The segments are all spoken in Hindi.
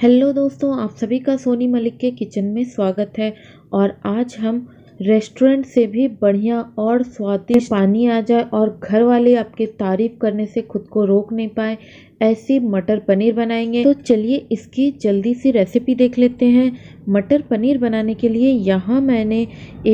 हेलो दोस्तों आप सभी का सोनी मलिक के किचन में स्वागत है और आज हम रेस्टोरेंट से भी बढ़िया और स्वादिष्ट पानी आ जाए और घर वाले आपके तारीफ करने से खुद को रोक नहीं पाए ऐसी मटर पनीर बनाएंगे तो चलिए इसकी जल्दी सी रेसिपी देख लेते हैं मटर पनीर बनाने के लिए यहाँ मैंने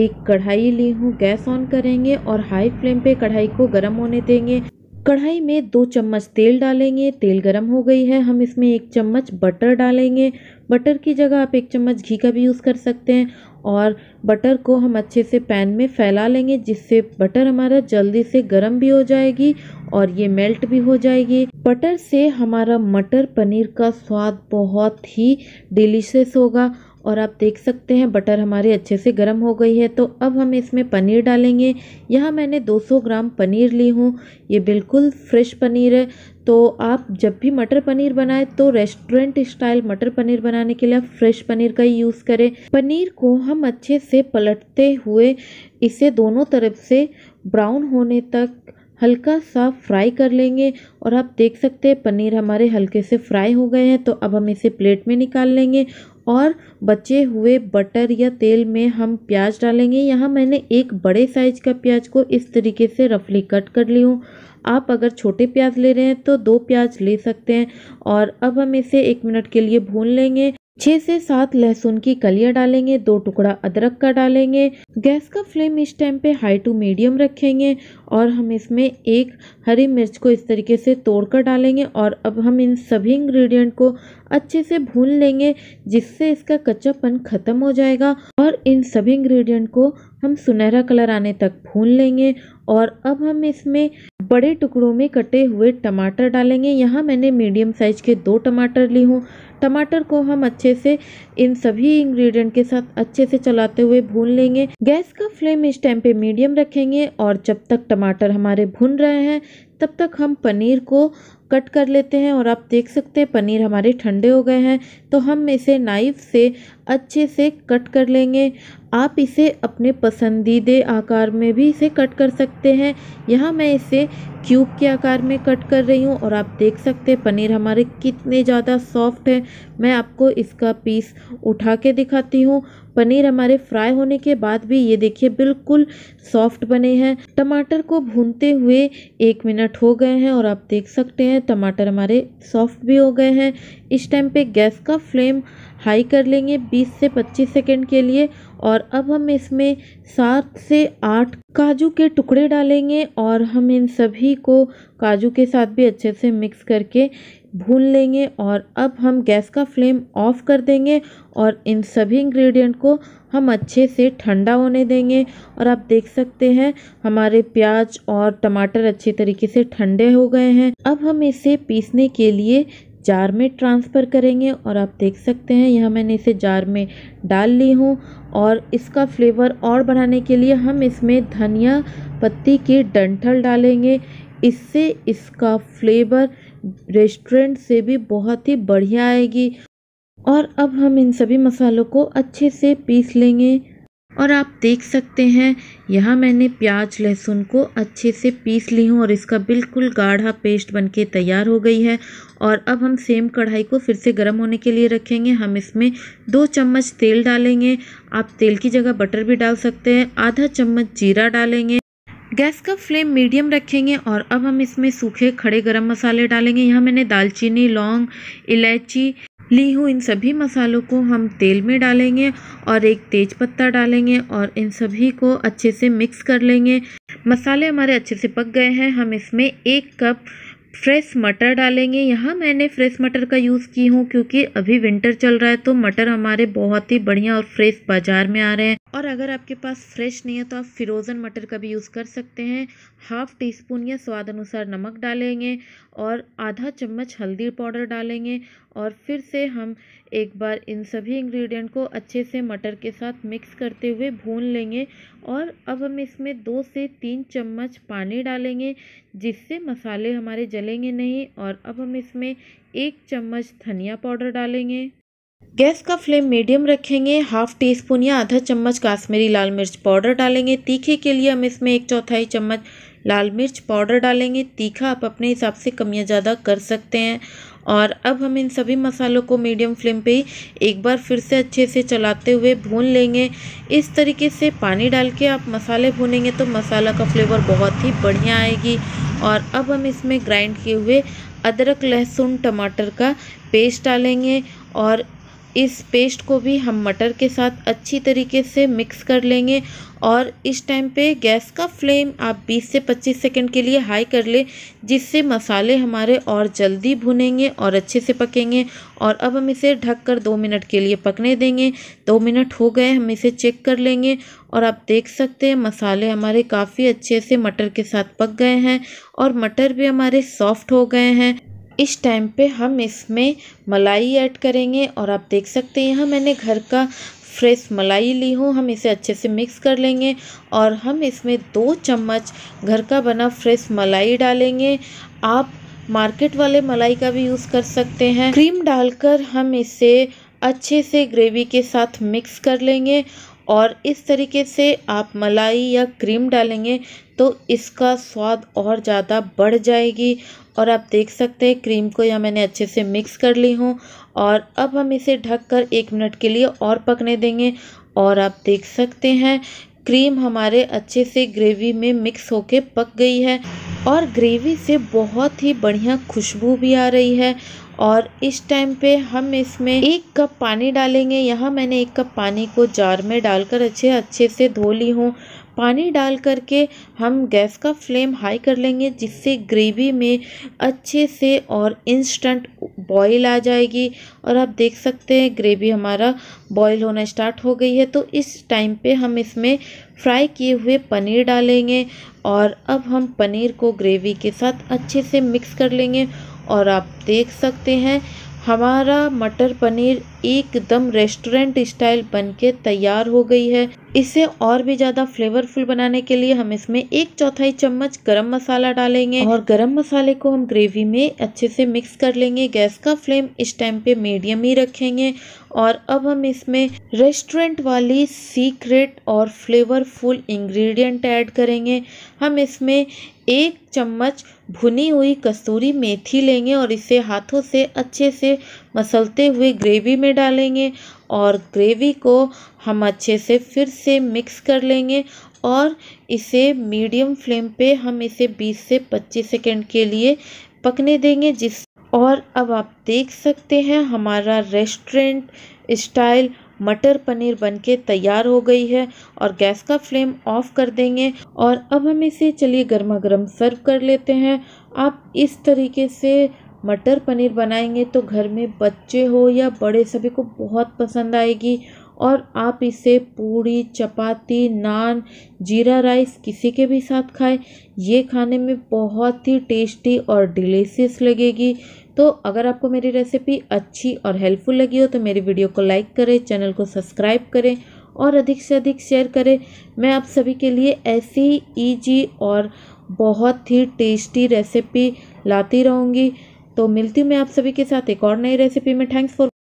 एक कढ़ाई ली हूँ गैस ऑन करेंगे और हाई फ्लेम पे कढ़ाई को गर्म होने देंगे कढ़ाई में दो चम्मच तेल डालेंगे तेल गरम हो गई है हम इसमें एक चम्मच बटर डालेंगे बटर की जगह आप एक चम्मच घी का भी यूज़ कर सकते हैं और बटर को हम अच्छे से पैन में फैला लेंगे जिससे बटर हमारा जल्दी से गर्म भी हो जाएगी और ये मेल्ट भी हो जाएगी बटर से हमारा मटर पनीर का स्वाद बहुत ही डिलीशियस होगा और आप देख सकते हैं बटर हमारे अच्छे से गर्म हो गई है तो अब हम इसमें पनीर डालेंगे यहाँ मैंने 200 ग्राम पनीर ली हूँ ये बिल्कुल फ्रेश पनीर है तो आप जब भी मटर पनीर बनाएं तो रेस्टोरेंट स्टाइल मटर पनीर बनाने के लिए आप फ्रेश पनीर का ही यूज़ करें पनीर को हम अच्छे से पलटते हुए इसे दोनों तरफ से ब्राउन होने तक हल्का सा फ्राई कर लेंगे और आप देख सकते हैं पनीर हमारे हल्के से फ्राई हो गए हैं तो अब हम इसे प्लेट में निकाल लेंगे और बचे हुए बटर या तेल में हम प्याज डालेंगे यहाँ मैंने एक बड़े साइज का प्याज को इस तरीके से रफली कट कर ली हूँ आप अगर छोटे प्याज ले रहे हैं तो दो प्याज ले सकते हैं और अब हम इसे एक मिनट के लिए भून लेंगे छह से सात लहसुन की कलियां डालेंगे दो टुकड़ा अदरक का डालेंगे गैस का फ्लेम इस टाइम पे हाई टू मीडियम रखेंगे और हम इसमें एक हरी मिर्च को इस तरीके से तोड़ कर डालेंगे और अब हम इन सभी इंग्रेडिएंट को अच्छे से भून लेंगे जिससे इसका कच्चापन ख़त्म हो जाएगा और इन सभी इंग्रेडिएंट को हम सुनहरा कलर आने तक भून लेंगे और अब हम इसमें बड़े टुकड़ों में कटे हुए टमाटर डालेंगे यहाँ मैंने मीडियम साइज़ के दो टमाटर ली हूँ टमाटर को हम अच्छे से इन सभी इंग्रेडिएंट के साथ अच्छे से चलाते हुए भून लेंगे गैस का फ्लेम इस टाइम पे मीडियम रखेंगे और जब तक टमाटर हमारे भून रहे हैं तब तक हम पनीर को कट कर लेते हैं और आप देख सकते हैं पनीर हमारे ठंडे हो गए हैं तो हम इसे नाइफ़ से अच्छे से कट कर लेंगे आप इसे अपने पसंदीदे आकार में भी इसे कट कर सकते हैं यहाँ मैं इसे क्यूब के आकार में कट कर रही हूँ और आप देख सकते हैं पनीर हमारे कितने ज़्यादा सॉफ्ट है मैं आपको इसका पीस उठा के दिखाती हूँ पनीर हमारे फ्राई होने के बाद भी ये देखिए बिल्कुल सॉफ्ट बने हैं टमाटर को भूनते हुए एक मिनट हो गए हैं और आप देख सकते हैं टमाटर हमारे सॉफ्ट भी हो गए हैं इस टाइम पे गैस का फ्लेम हाई कर लेंगे 20 से 25 सेकंड के लिए और अब हम इसमें सात से आठ काजू के टुकड़े डालेंगे और हम इन सभी को काजू के साथ भी अच्छे से मिक्स करके भून लेंगे और अब हम गैस का फ्लेम ऑफ कर देंगे और इन सभी इंग्रेडिएंट को हम अच्छे से ठंडा होने देंगे और आप देख सकते हैं हमारे प्याज और टमाटर अच्छे तरीके से ठंडे हो गए हैं अब हम इसे पीसने के लिए जार में ट्रांसफ़र करेंगे और आप देख सकते हैं यहाँ मैंने इसे जार में डाल ली हूँ और इसका फ्लेवर और बढ़ाने के लिए हम इसमें धनिया पत्ती की डंठल डालेंगे इससे इसका फ्लेवर रेस्टोरेंट से भी बहुत ही बढ़िया आएगी और अब हम इन सभी मसालों को अच्छे से पीस लेंगे और आप देख सकते हैं यहाँ मैंने प्याज लहसुन को अच्छे से पीस ली हूँ और इसका बिल्कुल गाढ़ा पेस्ट बनके तैयार हो गई है और अब हम सेम कढ़ाई को फिर से गर्म होने के लिए रखेंगे हम इसमें दो चम्मच तेल डालेंगे आप तेल की जगह बटर भी डाल सकते हैं आधा चम्मच जीरा डालेंगे गैस का फ्लेम मीडियम रखेंगे और अब हम इसमें सूखे खड़े गरम मसाले डालेंगे यहाँ मैंने दालचीनी लौंग इलायची ली हूँ इन सभी मसालों को हम तेल में डालेंगे और एक तेज पत्ता डालेंगे और इन सभी को अच्छे से मिक्स कर लेंगे मसाले हमारे अच्छे से पक गए हैं हम इसमें एक कप फ्रेश मटर डालेंगे यहाँ मैंने फ्रेश मटर का यूज़ की हूँ क्योंकि अभी विंटर चल रहा है तो मटर हमारे बहुत ही बढ़िया और फ्रेश बाज़ार में आ रहे हैं और अगर आपके पास फ्रेश नहीं है तो आप फ्रोज़न मटर का भी यूज़ कर सकते हैं हाफ़ टी स्पून या स्वाद अनुसार नमक डालेंगे और आधा चम्मच हल्दी पाउडर डालेंगे और फिर से हम एक बार इन सभी इंग्रेडिएंट को अच्छे से मटर के साथ मिक्स करते हुए भून लेंगे और अब हम इसमें दो से तीन चम्मच पानी डालेंगे जिससे मसाले हमारे जलेंगे नहीं और अब हम इसमें एक चम्मच धनिया पाउडर डालेंगे गैस का फ्लेम मीडियम रखेंगे हाफ टी स्पून या आधा चम्मच काश्मीरी लाल मिर्च पाउडर डालेंगे तीखे के लिए हम इसमें एक चौथाई चम्मच लाल मिर्च पाउडर डालेंगे तीखा आप अपने हिसाब से कमियाँ ज़्यादा कर सकते हैं और अब हम इन सभी मसालों को मीडियम फ्लेम पे ही एक बार फिर से अच्छे से चलाते हुए भून लेंगे इस तरीके से पानी डाल के आप मसाले भूनेंगे तो मसाला का फ्लेवर बहुत ही बढ़िया आएगी और अब हम इसमें ग्राइंड किए हुए अदरक लहसुन टमाटर का पेस्ट डालेंगे और इस पेस्ट को भी हम मटर के साथ अच्छी तरीके से मिक्स कर लेंगे और इस टाइम पे गैस का फ्लेम आप 20 से 25 सेकंड के लिए हाई कर ले जिससे मसाले हमारे और जल्दी भुनेंगे और अच्छे से पकेंगे और अब हम इसे ढक कर दो मिनट के लिए पकने देंगे दो मिनट हो गए हम इसे चेक कर लेंगे और आप देख सकते हैं मसाले हमारे काफ़ी अच्छे से मटर के साथ पक गए हैं और मटर भी हमारे सॉफ्ट हो गए हैं इस टाइम पे हम इसमें मलाई ऐड करेंगे और आप देख सकते हैं यहाँ मैंने घर का फ्रेश मलाई ली हूँ हम इसे अच्छे से मिक्स कर लेंगे और हम इसमें दो चम्मच घर का बना फ्रेश मलाई डालेंगे आप मार्केट वाले मलाई का भी यूज़ कर सकते हैं क्रीम डालकर हम इसे अच्छे से ग्रेवी के साथ मिक्स कर लेंगे और इस तरीके से आप मलाई या क्रीम डालेंगे तो इसका स्वाद और ज़्यादा बढ़ जाएगी और आप देख सकते हैं क्रीम को या मैंने अच्छे से मिक्स कर ली हूँ और अब हम इसे ढककर एक मिनट के लिए और पकने देंगे और आप देख सकते हैं क्रीम हमारे अच्छे से ग्रेवी में मिक्स होके पक गई है और ग्रेवी से बहुत ही बढ़िया खुशबू भी आ रही है और इस टाइम पे हम इसमें एक कप पानी डालेंगे यहाँ मैंने एक कप पानी को जार में डालकर अच्छे अच्छे से धो ली हूँ पानी डाल करके हम गैस का फ्लेम हाई कर लेंगे जिससे ग्रेवी में अच्छे से और इंस्टेंट बॉईल आ जाएगी और आप देख सकते हैं ग्रेवी हमारा बॉईल होना स्टार्ट हो गई है तो इस टाइम पे हम इसमें फ्राई किए हुए पनीर डालेंगे और अब हम पनीर को ग्रेवी के साथ अच्छे से मिक्स कर लेंगे और आप देख सकते हैं हमारा मटर पनीर एकदम रेस्टोरेंट स्टाइल बनके तैयार हो गई है इसे और भी ज्यादा फ्लेवरफुल बनाने के लिए हम इसमें एक चौथाई चम्मच गरम मसाला डालेंगे और गरम मसाले को हम ग्रेवी में अच्छे से मिक्स कर लेंगे गैस का फ्लेम इस टाइम पे मीडियम ही रखेंगे और अब हम इसमें रेस्टोरेंट वाली सीक्रेट और फ्लेवरफुल इंग्रेडिएंट ऐड करेंगे हम इसमें एक चम्मच भुनी हुई कसूरी मेथी लेंगे और इसे हाथों से अच्छे से मसलते हुए ग्रेवी में में डालेंगे और ग्रेवी को हम अच्छे से फिर से मिक्स कर लेंगे और इसे मीडियम फ्लेम पे हम इसे 20 से 25 सेकंड के लिए पकने देंगे जिस और अब आप देख सकते हैं हमारा रेस्टोरेंट स्टाइल मटर पनीर बनके तैयार हो गई है और गैस का फ्लेम ऑफ कर देंगे और अब हम इसे चलिए गर्मा गर्म सर्व कर लेते हैं आप इस तरीके से मटर पनीर बनाएंगे तो घर में बच्चे हो या बड़े सभी को बहुत पसंद आएगी और आप इसे पूड़ी चपाती नान जीरा राइस किसी के भी साथ खाएं ये खाने में बहुत ही टेस्टी और डिलीशियस लगेगी तो अगर आपको मेरी रेसिपी अच्छी और हेल्पफुल लगी हो तो मेरी वीडियो को लाइक करें चैनल को सब्सक्राइब करें और अधिक से अधिक शेयर करें मैं आप सभी के लिए ऐसी ईजी और बहुत ही टेस्टी रेसिपी लाती रहूँगी तो मिलती हूँ मैं आप सभी के साथ एक और नई रेसिपी में थैंक्स फॉर